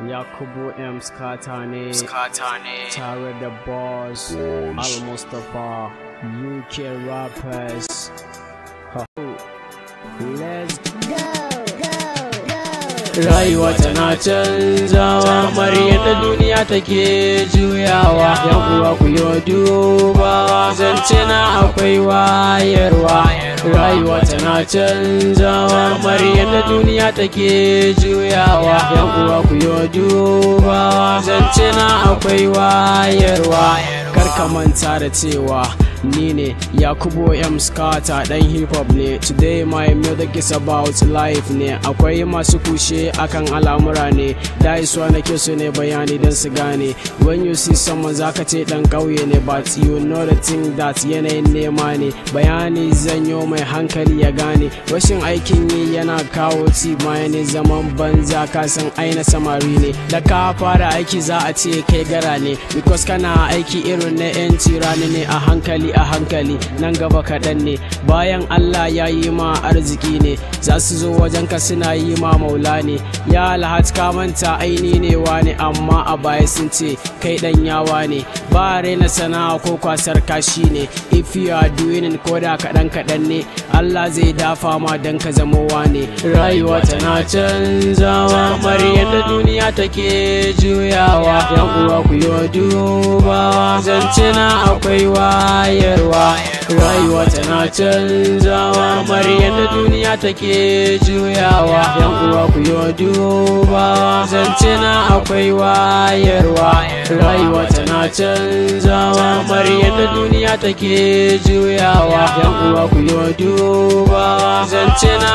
Yakubu M. Skatane, Skatane. Tare the Boss, Al Mustafa, UK rappers. Let's go! rayuwa tana canzawa kamar yadda duniya take juyawa yan uwa ku yi wa dubawa zance na akwai wayarwa rayuwa tana canzawa kamar yadda duniya take juyawa yan uwa ku yi wa dubawa zance na akwai wayarwa ka manta da cewa ni ne yakubu m scata dan hip hop ne today my music is about life ne akwai masu kushe akan al'amura ne da iswa na kesu ne bayani don su gane when you see someone zaka ce dan kauye ne but you know the thing that yanayin nema ne bayani zanyo mai hankali ya gane rashin aikin yi yana kawo ci ne zaman banza ka san aina samari ne da ka fara aiki za a ce kai gara ne because kana aiki irin na 'yanci rani ne a hankali a hankali nan gaba kaɗan ne bayan Allah ya yi ma arziki ne za su zo wajen ka suna yi ma maula ne ya alhaji ka manta aini ne wani amma a baya sun ce kai dan yawa ne ba raina sana'a ko kwasar kashi ne if you are doing it koda kaɗan kaɗan ne Allah zai dafa ma dan ka zamo wane rayuwa tana canzawa da duniya take juyawa yan uwa ku yi dubawa cina akwai wayarwa rayuwa tana canzawa kamar yadda duniya take juyawa yan uwa ku yi dubawa Zancina akwai wayarwa rayuwa tana canzawa kamar yadda duniya take juyawa yan uwa ku yi dubawa zance